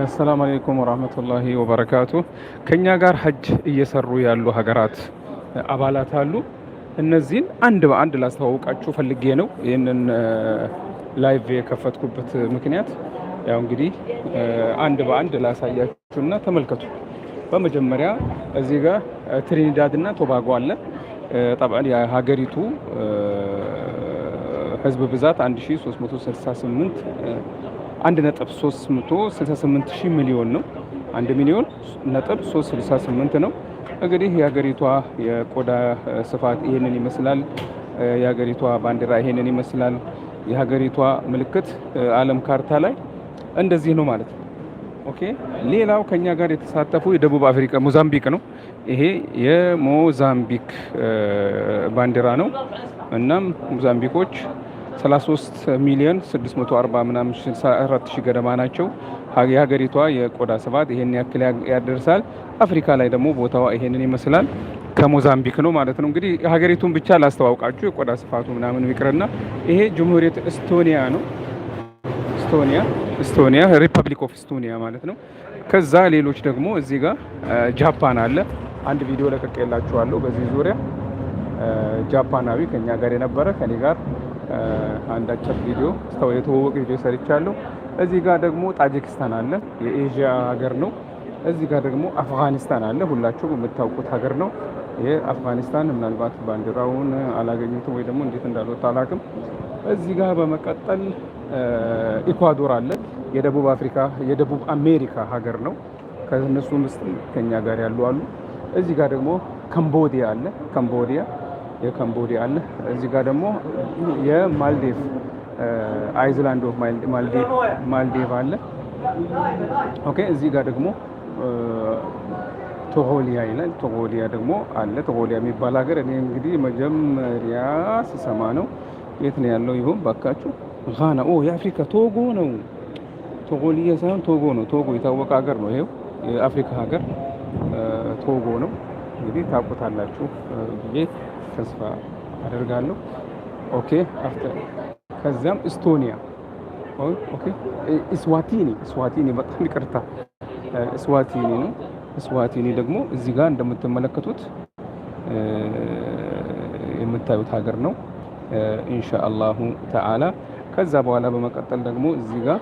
አሰላሙ አለይኩም ወራህመቱላሂ ወበረካቱ። ከኛ ጋር ሀጅ እየሰሩ ያሉ ሀገራት አባላት አሉ። እነዚህን አንድ በአንድ ላስተዋውቃችሁ ፈልጌ ነው ይህንን ላይቭ የከፈትኩበት ምክንያት ያው እንግዲህ አንድ በአንድ ላሳያችሁና ተመልከቱ። በመጀመሪያ እዚህ ጋር ትሪኒዳድ እና ቶባጎ አለ። ጠብዓን የሀገሪቱ ህዝብ ብዛት 1368 አንድ ነጥብ 368 ሺህ ሚሊዮን ነው። አንድ ሚሊዮን ነጥብ 368 ነው። እንግዲህ የሀገሪቷ የቆዳ ስፋት ይህንን ይመስላል። የሀገሪቷ ባንዲራ ይሄንን ይመስላል። የሀገሪቷ ምልክት ዓለም ካርታ ላይ እንደዚህ ነው ማለት ነው። ኦኬ ሌላው ከኛ ጋር የተሳተፉ የደቡብ አፍሪካ ሞዛምቢክ ነው። ይሄ የሞዛምቢክ ባንዲራ ነው። እናም ሞዛምቢኮች 33 ሚሊዮን 640 ምናምን 64 ሺህ ገደማ ናቸው። የሀገሪቷ የቆዳ ስፋት ይሄን ያክል ያደርሳል። አፍሪካ ላይ ደግሞ ቦታዋ ይሄንን ይመስላል። ከሞዛምቢክ ነው ማለት ነው። እንግዲህ ሀገሪቱን ብቻ ላስተዋውቃችሁ የቆዳ ስፋቱ ምናምን ይቅርና ይሄ ጀምሁሪት እስቶኒያ ነው። ኢስቶኒያ እስቶኒያ ሪፐብሊክ ኦፍ እስቶኒያ ማለት ነው። ከዛ ሌሎች ደግሞ እዚህ ጋር ጃፓን አለ። አንድ ቪዲዮ ለቀቅ በዚህ ዙሪያ ጃፓናዊ ከኛ ጋር የነበረ ከኔ ጋር አንድ አጭር ቪዲዮ የተዋወቅ ቪዲዮ ሰርቻለሁ። እዚህ ጋር ደግሞ ጣጂክስታን አለ፣ የኤዥያ ሀገር ነው። እዚህ ጋር ደግሞ አፍጋኒስታን አለ፣ ሁላችሁም የምታውቁት ሀገር ነው። ይሄ አፍጋኒስታን ምናልባት ባንዲራውን አላገኙትም ወይ ደግሞ እንዴት እንዳልወጣ አላውቅም። እዚህ ጋር በመቀጠል ኢኳዶር አለ፣ የደቡብ አፍሪካ የደቡብ አሜሪካ ሀገር ነው። ከእነሱም ውስጥ ከኛ ጋር ያሉ አሉ። እዚህ ጋር ደግሞ ካምቦዲያ አለ ካምቦዲያ የካምቦዲያ አለ። እዚህ ጋር ደግሞ የማልዴቭ አይዝላንድ ኦፍ ማልዴቭ አለ። ኦኬ እዚህ ጋር ደግሞ ቶሆሊያ ይላል። ቶሆሊያ ደግሞ አለ። ቶሆሊያ የሚባል ሀገር እኔ እንግዲህ መጀመሪያ ስሰማ ነው። የት ነው ያለው ይሁን ባካችሁ? ጋና። ኦ የአፍሪካ ቶጎ ነው። ቶሆሊያ ሳይሆን ቶጎ ነው። ቶጎ የታወቀ ሀገር ነው። ይሄው የአፍሪካ ሀገር ቶጎ ነው። እንግዲህ ታውቁታላችሁ ብዬ ተስፋ አደርጋለሁ። ኦኬ አፍተር ከዚያም ኢስቶኒያ፣ ኦኬ ኢስዋቲኒ ኢስዋቲኒ፣ በጣም ይቅርታ ኢስዋቲኒ ነው። ኢስዋቲኒ ደግሞ እዚህ ጋር እንደምትመለከቱት የምታዩት ሀገር ነው ኢንሻአላሁ ተዓላ። ከዛ በኋላ በመቀጠል ደግሞ እዚህ ጋር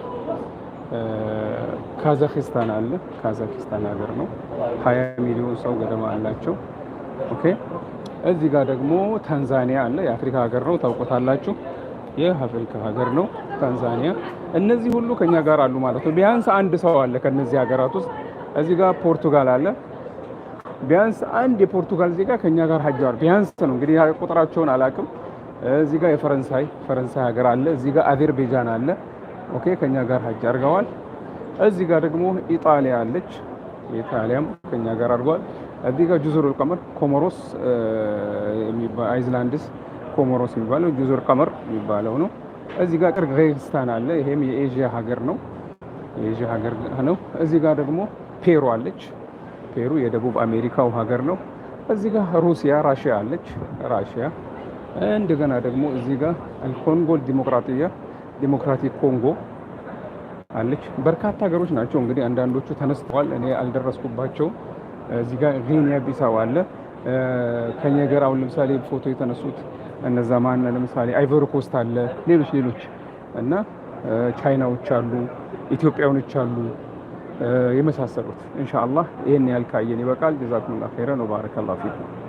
ካዛክስታን አለ። ካዛክስታን ሀገር ነው። ሀያ ሚሊዮን ሰው ገደማ አላቸው። ኦኬ እዚህ ጋር ደግሞ ታንዛኒያ አለ። የአፍሪካ ሀገር ነው ታውቆታላችሁ። ይህ አፍሪካ ሀገር ነው ታንዛኒያ። እነዚህ ሁሉ ከኛ ጋር አሉ ማለት ነው። ቢያንስ አንድ ሰው አለ ከነዚህ ሀገራት ውስጥ። እዚህ ጋር ፖርቱጋል አለ። ቢያንስ አንድ የፖርቱጋል ዜጋ ከኛ ጋር ሀጃዋል። ቢያንስ ነው እንግዲህ ቁጥራቸውን አላውቅም። እዚህ ጋር የፈረንሳይ ፈረንሳይ ሀገር አለ። እዚህ ጋር አዜርቤጃን አለ። ኦኬ ከኛ ጋር ሀጅ አድርገዋል። እዚህ ጋር ደግሞ ኢጣሊያ አለች። ኢጣሊያም ከኛ ጋር አድርጓል። እዚህ ጋር ጁዙሩል ኮሞሮስ አይዝላንድስ ኮሞሮስ የሚባለው ጁዙር ቀመር የሚባለው ነው። እዚህ ጋር ቅርግዝስታን አለ። ይሄም የኤዥያ ሀገር ነው። የኤዥያ ሀገር ነው። እዚህ ጋር ደግሞ ፔሩ አለች። ፔሩ የደቡብ አሜሪካው ሀገር ነው። እዚህ ጋር ሩሲያ ራሽያ አለች። ራሽያ እንደገና ደግሞ እዚህ ጋር ኮንጎ ዲሞክራቲያ ዲሞክራቲክ ኮንጎ አለች። በርካታ ሀገሮች ናቸው እንግዲህ አንዳንዶቹ ተነስተዋል። እኔ አልደረስኩባቸውም። እዚህ ጋር ጊኒ ቢሳው አለ። ከኛ ጋር አሁን ለምሳሌ ፎቶ የተነሱት እነዛ ማን ለምሳሌ አይቨሪ ኮስት አለ፣ ሌሎች ሌሎች እና ቻይናዎች አሉ፣ ኢትዮጵያኖች አሉ የመሳሰሉት። ኢንሻአላህ ይሄን ያህል ካየን ይበቃል። ጀዛኩሙላህ ኸይረን ወባረከላሁ ፊኩም